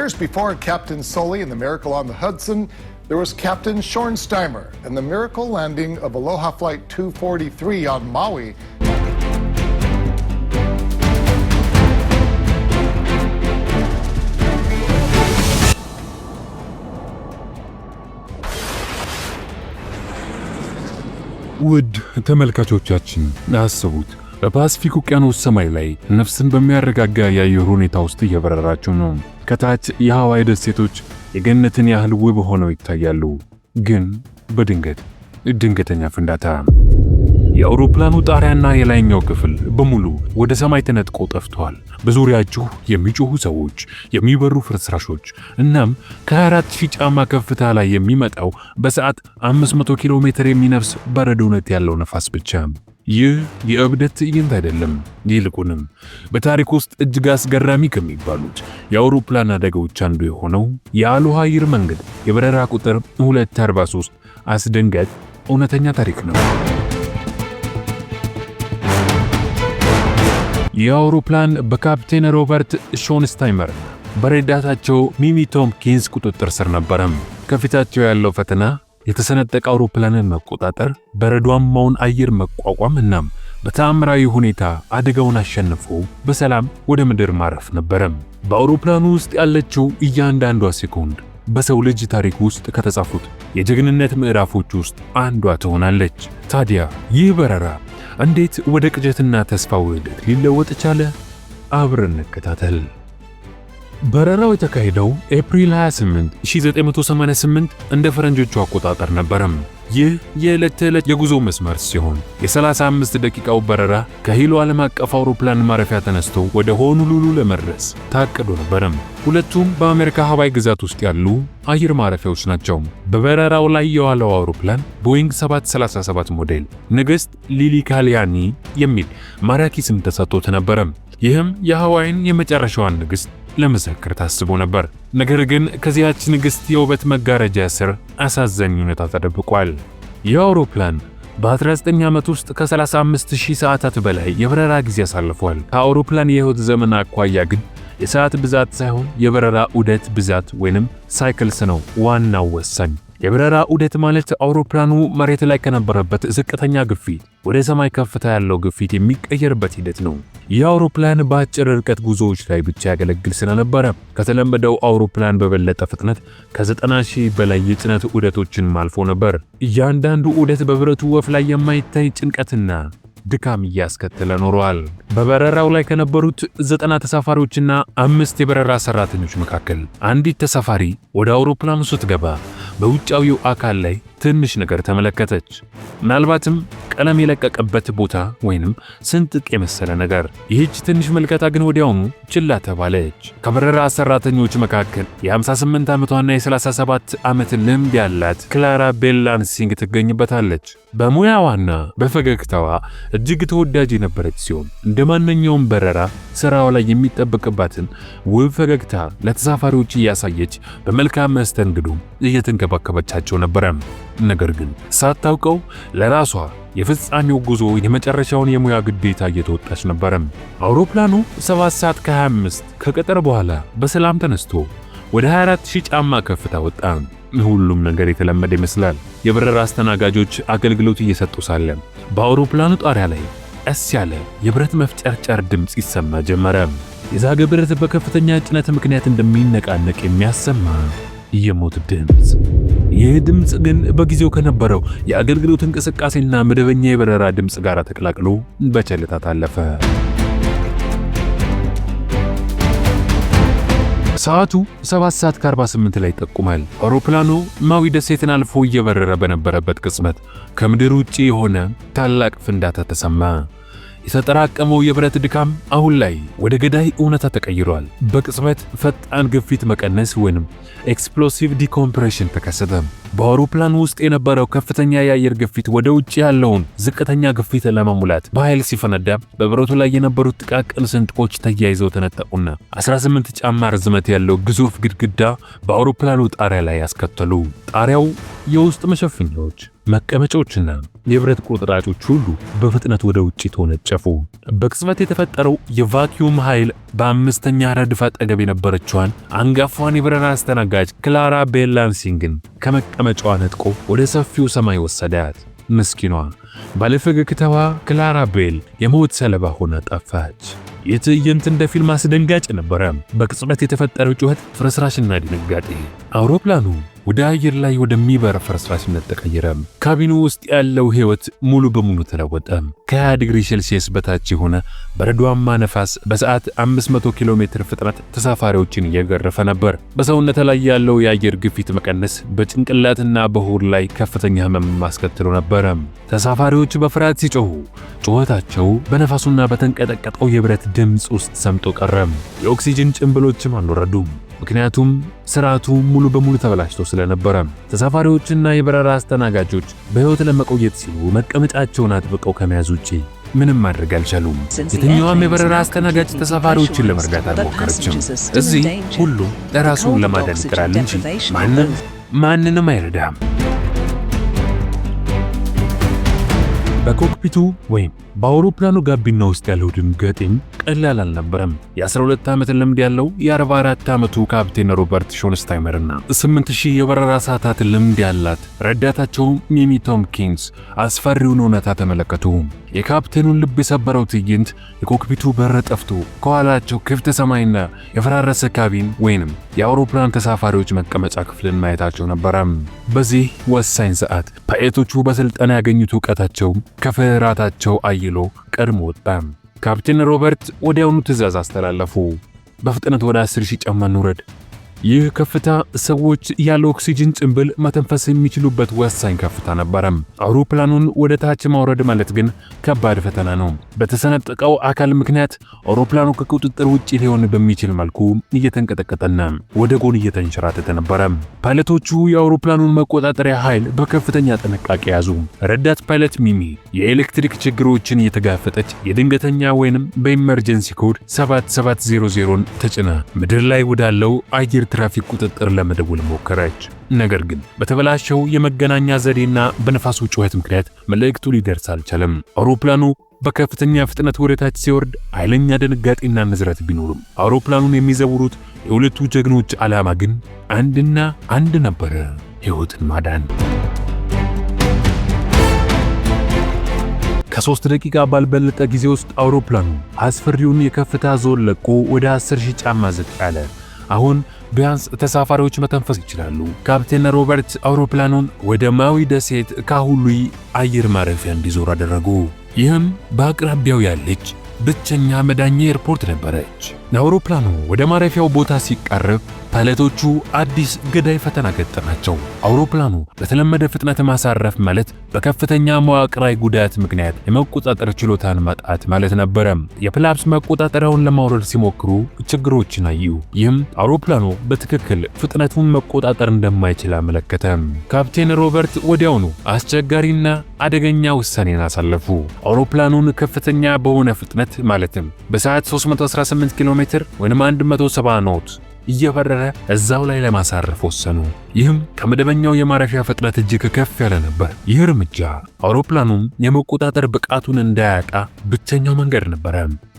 Years before Captain Sully and the Miracle on the Hudson, there was Captain Schornsteimer and the miracle landing of Aloha Flight 243 on Maui. ውድ ተመልካቾቻችን አስቡት፣ በፓስፊክ ውቅያኖስ ሰማይ ላይ ነፍስን በሚያረጋጋ የአየር ሁኔታ ውስጥ እየበረራችሁ ነው። ከታች የሐዋይ ደሴቶች የገነትን ያህል ውብ ሆነው ይታያሉ። ግን በድንገት ድንገተኛ ፍንዳታ የአውሮፕላኑ ጣሪያና የላይኛው ክፍል በሙሉ ወደ ሰማይ ተነጥቆ ጠፍቷል። በዙሪያችሁ የሚጮሁ ሰዎች፣ የሚበሩ ፍርስራሾች እናም ከ24 ሺህ ጫማ ከፍታ ላይ የሚመጣው በሰዓት 500 ኪሎ ሜትር የሚነፍስ በረዶ እውነት ያለው ነፋስ ብቻ። ይህ የእብደት ትዕይንት አይደለም። ይልቁንም በታሪክ ውስጥ እጅግ አስገራሚ ከሚባሉት የአውሮፕላን አደጋዎች አንዱ የሆነው የአሎሃ አየር መንገድ የበረራ ቁጥር 243 አስደንጋጭ እውነተኛ ታሪክ ነው። ይህ አውሮፕላን በካፕቴን ሮበርት ሾንስታይመር በረዳታቸው ሚሚ ቶምኪንስ ቁጥጥር ስር ነበረም። ከፊታቸው ያለው ፈተና የተሰነጠቀ አውሮፕላንን መቆጣጠር፣ በረዷማውን አየር መቋቋም እናም በተአምራዊ ሁኔታ አደጋውን አሸንፎ በሰላም ወደ ምድር ማረፍ ነበረም። በአውሮፕላኑ ውስጥ ያለችው እያንዳንዷ ሴኮንድ በሰው ልጅ ታሪክ ውስጥ ከተጻፉት የጀግንነት ምዕራፎች ውስጥ አንዷ ትሆናለች። ታዲያ ይህ በረራ እንዴት ወደ ቅጀትና ተስፋ ውህደት ሊለወጥ ቻለ? አብረን እንከታተል። በረራው የተካሄደው ኤፕሪል 28 1988 እንደ ፈረንጆቹ አቆጣጠር ነበረም። ይህ የዕለት ተዕለት የጉዞ መስመር ሲሆን የ35 ደቂቃው በረራ ከሂሎ ዓለም አቀፍ አውሮፕላን ማረፊያ ተነስቶ ወደ ሆኑሉሉ ለመድረስ ታቅዶ ነበረም። ሁለቱም በአሜሪካ ሀዋይ ግዛት ውስጥ ያሉ አየር ማረፊያዎች ናቸው። በበረራው ላይ የዋለው አውሮፕላን ቦይንግ 737 ሞዴል ንግሥት ሊሊ ካሊያኒ የሚል ማራኪ ስም ተሰጥቶት ነበረም። ይህም የሀዋይን የመጨረሻዋን ንግሥት ለመዘክር ታስቦ ነበር። ነገር ግን ከዚያች ንግሥት የውበት መጋረጃ ስር አሳዛኝ ሁኔታ ተደብቋል። የአውሮፕላን በ19 ዓመት ውስጥ ከ35000 ሰዓታት በላይ የበረራ ጊዜ አሳልፏል። ከአውሮፕላን የህይወት ዘመን አኳያ ግን የሰዓት ብዛት ሳይሆን የበረራ ዑደት ብዛት ወይንም ሳይክልስ ነው ዋናው ወሳኝ የበረራ ዑደት ማለት አውሮፕላኑ መሬት ላይ ከነበረበት ዝቅተኛ ግፊት ወደ ሰማይ ከፍታ ያለው ግፊት የሚቀየርበት ሂደት ነው። ይህ አውሮፕላን በአጭር ርቀት ጉዞዎች ላይ ብቻ ያገለግል ስለነበረ ከተለመደው አውሮፕላን በበለጠ ፍጥነት ከ90 ሺህ በላይ የጭነት ዑደቶችን ማልፎ ነበር። እያንዳንዱ ዑደት በብረቱ ወፍ ላይ የማይታይ ጭንቀትና ድካም እያስከተለ ኖረዋል። በበረራው ላይ ከነበሩት ዘጠና ተሳፋሪዎችና አምስት የበረራ ሰራተኞች መካከል አንዲት ተሳፋሪ ወደ አውሮፕላኑ ስትገባ በውጫዊው አካል ላይ ትንሽ ነገር ተመለከተች። ምናልባትም ቀለም የለቀቀበት ቦታ ወይንም ስንጥቅ የመሰለ ነገር። ይህች ትንሽ መልከታ ግን ወዲያውኑ ችላ ተባለች። ከበረራ ሰራተኞች መካከል የ58 ዓመቷና የ37 ዓመት ልምድ ያላት ክላራ ቤላንሲንግ ትገኝበታለች። በሙያዋና በፈገግታዋ እጅግ ተወዳጅ የነበረች ሲሆን እንደ ማንኛውም በረራ ስራዋ ላይ የሚጠበቅባትን ውብ ፈገግታ ለተሳፋሪዎች እያሳየች በመልካም መስተንግዶ እየተንከባከበቻቸው ነበረ። ነገር ግን ሳታውቀው ለራሷ የፍጻሜው ጉዞ የመጨረሻውን የሙያ ግዴታ እየተወጣች ነበረ። አውሮፕላኑ 7 ሰዓት ከ25 ከቀጠር በኋላ በሰላም ተነስቶ ወደ 24000 ጫማ ከፍታ ወጣ። ሁሉም ነገር የተለመደ ይመስላል። የበረራ አስተናጋጆች አገልግሎት እየሰጡ ሳለ በአውሮፕላኑ ጣሪያ ላይ ቀስ ያለ የብረት መፍጨርጨር ድምፅ ይሰማ ጀመረ። የዛገ ብረት በከፍተኛ ጭነት ምክንያት እንደሚነቃነቅ የሚያሰማ የሞት ድምፅ። ይህ ድምፅ ግን በጊዜው ከነበረው የአገልግሎት እንቅስቃሴና መደበኛ የበረራ ድምፅ ጋር ተቀላቅሎ በቸልታ ታለፈ። ሰዓቱ 7 ሰዓት ከ48 ላይ ይጠቁማል። አውሮፕላኑ ማዊ ደሴትን አልፎ እየበረረ በነበረበት ቅጽበት ከምድር ውጪ የሆነ ታላቅ ፍንዳታ ተሰማ። የተጠራቀመው የብረት ድካም አሁን ላይ ወደ ገዳይ እውነታ ተቀይሯል። በቅጽበት ፈጣን ግፊት መቀነስ ወይም ኤክስፕሎሲቭ ዲኮምፕሬሽን ተከሰተ። በአውሮፕላን ውስጥ የነበረው ከፍተኛ የአየር ግፊት ወደ ውጭ ያለውን ዝቅተኛ ግፊት ለመሙላት በኃይል ሲፈነዳ በብረቱ ላይ የነበሩት ጥቃቅን ስንጥቆች ተያይዘው ተነጠቁና 18 ጫማ ርዝመት ያለው ግዙፍ ግድግዳ በአውሮፕላኑ ጣሪያ ላይ ያስከተሉ። ጣሪያው የውስጥ መሸፈኛዎች መቀመጫዎችና የብረት ቁርጥራጮች ሁሉ በፍጥነት ወደ ውጭ ተወነጨፉ። በቅጽበት የተፈጠረው የቫኪዩም ኃይል በአምስተኛ ረድፍ አጠገብ የነበረችዋን አንጋፋን የበረራ አስተናጋጅ ክላራ ቤል ላንሲንግን ከመቀመጫዋ ነጥቆ ወደ ሰፊው ሰማይ ወሰዳት። ምስኪኗ ባለፈገግታዋ ክላራ ቤል የሞት ሰለባ ሆና ጠፋች። ይህ ትዕይንት እንደ ፊልም አስደንጋጭ ነበረ። በቅጽበት የተፈጠረው ጩኸት ፍርስራሽና ድንጋጤ አውሮፕላኑ ወደ አየር ላይ ወደሚበር ፍርስራሽነት ተቀየረ። ካቢኑ ውስጥ ያለው ህይወት ሙሉ በሙሉ ተለወጠ። ከ20 ዲግሪ ሴልሲየስ በታች የሆነ በረዷማ ነፋስ በሰዓት 500 ኪሎ ሜትር ፍጥነት ተሳፋሪዎችን እየገረፈ ነበር። በሰውነት ላይ ያለው የአየር ግፊት መቀነስ በጭንቅላትና በሆድ ላይ ከፍተኛ ህመም ማስከትሎ ነበረ። ተሳፋሪዎች በፍርሃት ሲጮሁ ጩኸታቸው በነፋሱና በተንቀጠቀጠው የብረት ድምፅ ውስጥ ሰምጦ ቀረ። የኦክሲጅን ጭንብሎችም አልወረዱም። ምክንያቱም ስርዓቱ ሙሉ በሙሉ ተበላሽቶ ስለነበረ ተሳፋሪዎችና የበረራ አስተናጋጆች በሕይወት ለመቆየት ሲሉ መቀመጫቸውን አጥብቀው ከመያዝ ውጪ ምንም ማድረግ አልቻሉም። የትኛዋም የበረራ አስተናጋጅ ተሳፋሪዎችን ለመርዳት አልሞከረችም። እዚህ ሁሉም ለራሱ ለማዳን ይጥራል እንጂ ማንም ማንንም አይረዳም። በኮክፒቱ ወይም በአውሮፕላኑ ጋቢና ውስጥ ያለው ድንገቴም ቀላል አልነበረም። የ12 ዓመት ልምድ ያለው የ44 ዓመቱ ካፕቴን ሮበርት ሾንስታይመርና 8000 የበረራ ሰዓታት ልምድ ያላት ረዳታቸው ሚሚ ቶምኪንስ አስፈሪውን እውነታ ተመለከቱ። የካፕቴኑን ልብ የሰበረው ትዕይንት የኮክፒቱ በር ጠፍቶ ከኋላቸው ክፍት ሰማይና የፈራረሰ ካቢን ወይንም የአውሮፕላን ተሳፋሪዎች መቀመጫ ክፍልን ማየታቸው ነበረ። በዚህ ወሳኝ ሰዓት ፓይለቶቹ በስልጠና ያገኙት እውቀታቸው ከፍርሃታቸው አይሎ ቀድሞ ወጣ። ካፕቴን ሮበርት ወዲያውኑ ትዕዛዝ አስተላለፉ። በፍጥነት ወደ 10 ሺህ ጫማ እንውረድ። ይህ ከፍታ ሰዎች ያለ ኦክሲጅን ጭንብል መተንፈስ የሚችሉበት ወሳኝ ከፍታ ነበረም። አውሮፕላኑን ወደ ታች ማውረድ ማለት ግን ከባድ ፈተና ነው። በተሰነጠቀው አካል ምክንያት አውሮፕላኑ ከቁጥጥር ውጭ ሊሆን በሚችል መልኩ እየተንቀጠቀጠና ወደ ጎን እየተንሸራተተ ነበረ። ፓይለቶቹ የአውሮፕላኑን መቆጣጠሪያ ኃይል በከፍተኛ ጥንቃቄ ያዙ። ረዳት ፓይለት ሚሚ የኤሌክትሪክ ችግሮችን እየተጋፈጠች የድንገተኛ ወይንም በኢመርጀንሲ ኮድ 7700ን ተጭና ምድር ላይ ወዳለው አየር ትራፊክ ቁጥጥር ለመደወል ሞከረች። ነገር ግን በተበላሸው የመገናኛ ዘዴና በነፋሱ ጩኸት ምክንያት መልእክቱ ሊደርስ አልቻለም። አውሮፕላኑ በከፍተኛ ፍጥነት ወደታች ሲወርድ ኃይለኛ ድንጋጤና ንዝረት ቢኖርም አውሮፕላኑን የሚዘውሩት የሁለቱ ጀግኖች ዓላማ ግን አንድና አንድ ነበረ፣ ሕይወትን ማዳን። ከሶስት ደቂቃ ባልበለጠ ጊዜ ውስጥ አውሮፕላኑ አስፈሪውን የከፍታ ዞን ለቆ ወደ 10 ሺህ ጫማ ዝቅ አለ። አሁን ቢያንስ ተሳፋሪዎች መተንፈስ ይችላሉ። ካፕቴን ሮበርት አውሮፕላኑን ወደ ማዊ ደሴት ካሁሉ አየር ማረፊያ እንዲዞር አደረጉ። ይህም በአቅራቢያው ያለች ብቸኛ መዳኛ ኤርፖርት ነበረች። አውሮፕላኑ ወደ ማረፊያው ቦታ ሲቃረብ ፓይለቶቹ አዲስ ገዳይ ፈተና ገጠማቸው። አውሮፕላኑ በተለመደ ፍጥነት ማሳረፍ ማለት በከፍተኛ መዋቅራዊ ጉዳት ምክንያት የመቆጣጠር ችሎታን ማጣት ማለት ነበረ። የፕላፕስ መቆጣጠሪያውን ለማውረድ ሲሞክሩ ችግሮችን አዩ። ይህም አውሮፕላኑ በትክክል ፍጥነቱን መቆጣጠር እንደማይችል አመለከተ። ካፕቴን ሮበርት ወዲያውኑ አስቸጋሪና አደገኛ ውሳኔን አሳለፉ። አውሮፕላኑን ከፍተኛ በሆነ ፍጥነት ማለትም በሰዓት 318 ኪሎ ሜትር ወይም 170 ኖት እየበረረ እዛው ላይ ለማሳረፍ ወሰኑ። ይህም ከመደበኛው የማረፊያ ፍጥነት እጅግ ከፍ ያለ ነበር። ይህ እርምጃ አውሮፕላኑም የመቆጣጠር ብቃቱን እንዳያጣ ብቸኛው መንገድ ነበረ።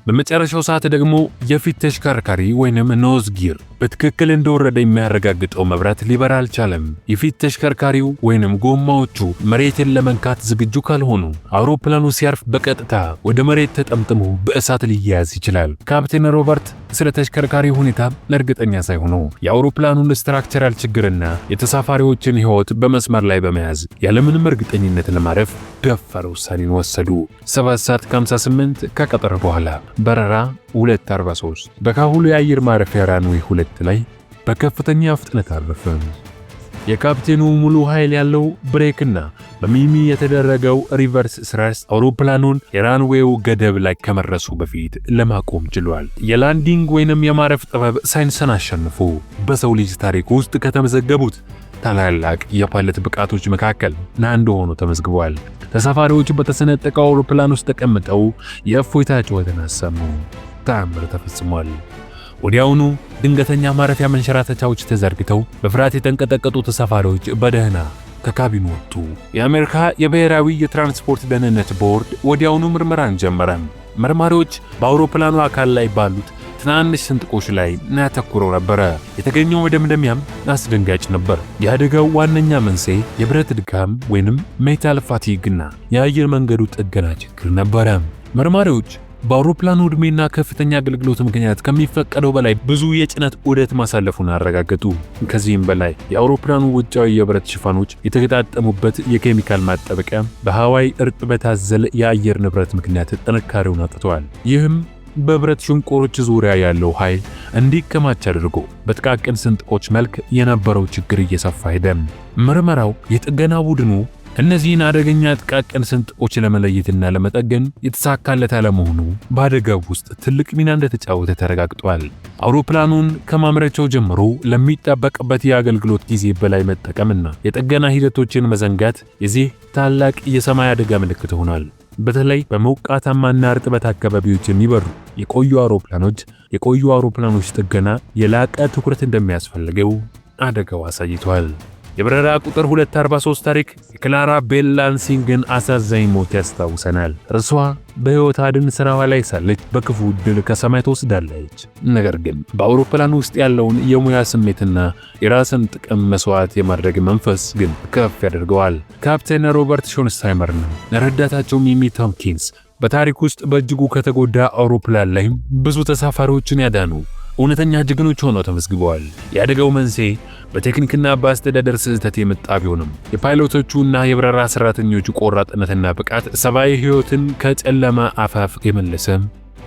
በመጨረሻው ሰዓት ደግሞ የፊት ተሽከርካሪ ወይንም ኖዝ ጊር በትክክል እንደወረደ የሚያረጋግጠው መብራት ሊበራ አልቻለም። የፊት ተሽከርካሪው ወይንም ጎማዎቹ መሬትን ለመንካት ዝግጁ ካልሆኑ አውሮፕላኑ ሲያርፍ በቀጥታ ወደ መሬት ተጠምጥሞ በእሳት ሊያያዝ ይችላል። ካፕቴን ሮበርት ስለ ተሽከርካሪ ሁኔታ እርግጠኛ ሳይሆኑ የአውሮፕላኑን ስትራክቸራል ችግርና የተሳፋሪዎችን ሕይወት በመስመር ላይ በመያዝ ያለምንም እርግጠኝነት ለማረፍ ደፈር ውሳኔን ወሰዱ። 7 ሰዓት ከ58 ከቀጠር በኋላ በረራ 243 በካሁሉ የአየር ማረፊያ ራንዌይ 2 ላይ በከፍተኛ ፍጥነት አረፈ። የካፕቴኑ ሙሉ ኃይል ያለው ብሬክና በሚሚ የተደረገው ሪቨርስ ስረስ አውሮፕላኑን የራንዌው ገደብ ላይ ከመድረሱ በፊት ለማቆም ችሏል። የላንዲንግ ወይንም የማረፍ ጥበብ ሳይንስን አሸንፎ በሰው ልጅ ታሪክ ውስጥ ከተመዘገቡት ታላላቅ የፓይለት ብቃቶች መካከል አንዱ ሆኖ ተመዝግቧል። ተሳፋሪዎቹ በተሰነጠቀው አውሮፕላን ውስጥ ተቀምጠው የእፎይታ ጩኸትን አሰሙ። ተአምር ተፈጽሟል። ወዲያውኑ ድንገተኛ ማረፊያ መንሸራተቻዎች ተዘርግተው በፍርሃት የተንቀጠቀጡ ተሳፋሪዎች በደህና ከካቢን ወጡ። የአሜሪካ የብሔራዊ የትራንስፖርት ደህንነት ቦርድ ወዲያውኑ ምርመራን ጀመረ። መርማሪዎች በአውሮፕላኑ አካል ላይ ባሉት ትናንሽ ስንጥቆች ላይ ያተኩረው ነበረ። የተገኘው መደምደሚያም አስደንጋጭ ነበር። የአደጋው ዋነኛ መንስኤ የብረት ድካም ወይንም ሜታል ፋቲግና የአየር መንገዱ ጥገና ችግር ነበረ። መርማሪዎች በአውሮፕላኑ ዕድሜና ከፍተኛ አገልግሎት ምክንያት ከሚፈቀደው በላይ ብዙ የጭነት ዑደት ማሳለፉን አረጋገጡ። ከዚህም በላይ የአውሮፕላኑ ውጫዊ የብረት ሽፋኖች የተገጣጠሙበት የኬሚካል ማጠበቂያ በሃዋይ እርጥበት አዘል የአየር ንብረት ምክንያት ጥንካሬውን አጥተዋል። ይህም በብረት ሽንቆሮች ዙሪያ ያለው ኃይል እንዲከማች አድርጎ በጥቃቅን ስንጥቆች መልክ የነበረው ችግር እየሰፋ ሄደ። ምርመራው የጥገና ቡድኑ እነዚህን አደገኛ ጥቃቅን ስንጥቆች ለመለየትና ለመጠገን የተሳካለት አለመሆኑ በአደጋው ውስጥ ትልቅ ሚና እንደተጫወተ ተረጋግጧል። አውሮፕላኑን ከማምረቻው ጀምሮ ለሚጠበቅበት የአገልግሎት ጊዜ በላይ መጠቀምና የጥገና ሂደቶችን መዘንጋት የዚህ ታላቅ የሰማይ አደጋ ምልክት ሆኗል። በተለይ በሞቃታማና እርጥበት አካባቢዎች የሚበሩ የቆዩ አውሮፕላኖች የቆዩ አውሮፕላኖች ጥገና የላቀ ትኩረት እንደሚያስፈልገው አደጋው አሳይቷል። የበረራ ቁጥር 243 ታሪክ የክላራ ቤል ላንሲንግን አሳዛኝ ሞት ያስታውሰናል። እርሷ በሕይወት አድን ስራዋ ላይ ሳለች በክፉ ዕድል ከሰማይ ትወስዳለች። ነገር ግን በአውሮፕላን ውስጥ ያለውን የሙያ ስሜትና የራስን ጥቅም መስዋዕት የማድረግ መንፈስ ግን ከፍ ያደርገዋል። ካፕቴን ሮበርት ሾንስታይመርና ረዳታቸው ሚሚ ቶምኪንስ በታሪክ ውስጥ በእጅጉ ከተጎዳ አውሮፕላን ላይ ብዙ ተሳፋሪዎችን ያዳኑ እውነተኛ ጀግኖች ሆነው ተመዝግበዋል። የአደጋው መንስኤ በቴክኒክና በአስተዳደር ስህተት የመጣ ቢሆንም እና የበረራ ሰራተኞቹ ቆራጥነትና ብቃት ሰብአዊ ሕይወትን ከጨለማ አፋፍ የመለሰ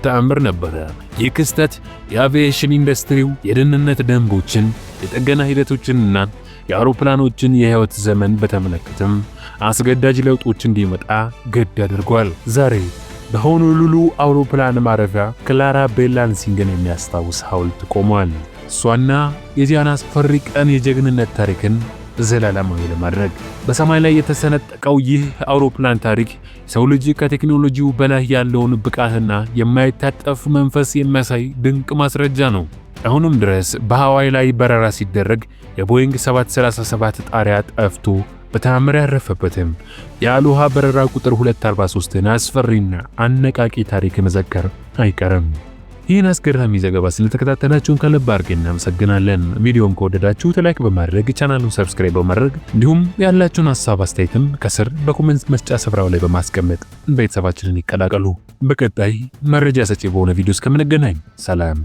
ተአምር ነበረ። ይህ ክስተት የአቪዬሽን ኢንዱስትሪው የደህንነት ደንቦችን፣ የጥገና ሂደቶችንና የአውሮፕላኖችን የሕይወት ዘመን በተመለከተም አስገዳጅ ለውጦች እንዲመጣ ግድ አድርጓል። ዛሬ በሆኖሉሉ አውሮፕላን ማረፊያ ክላራ ቤላንሲንግን የሚያስታውስ ሐውልት ቆሟል። እሷና የዚያን አስፈሪ ቀን የጀግንነት ታሪክን ዘላለማዊ ለማድረግ በሰማይ ላይ የተሰነጠቀው ይህ አውሮፕላን ታሪክ ሰው ልጅ ከቴክኖሎጂው በላይ ያለውን ብቃትና የማይታጠፍ መንፈስ የሚያሳይ ድንቅ ማስረጃ ነው። አሁንም ድረስ በሐዋይ ላይ በረራ ሲደረግ የቦይንግ 737 ጣሪያ ጠፍቶ በተአምር ያረፈበትም የአሎሃ በረራ ቁጥር 243ን አስፈሪና አነቃቂ ታሪክ መዘከር አይቀርም። ይህን አስገራሚ ዘገባ ስለተከታተላችሁን ከልብ አድርገን እናመሰግናለን። ቪዲዮን ከወደዳችሁት ላይክ በማድረግ ቻናሉን ሰብስክራይብ በማድረግ እንዲሁም ያላችሁን ሀሳብ አስተያየትም ከስር በኮሜንት መስጫ ስፍራው ላይ በማስቀመጥ ቤተሰባችንን ይቀላቀሉ። በቀጣይ መረጃ ሰጪ በሆነ ቪዲዮ እስከምንገናኝ ሰላም።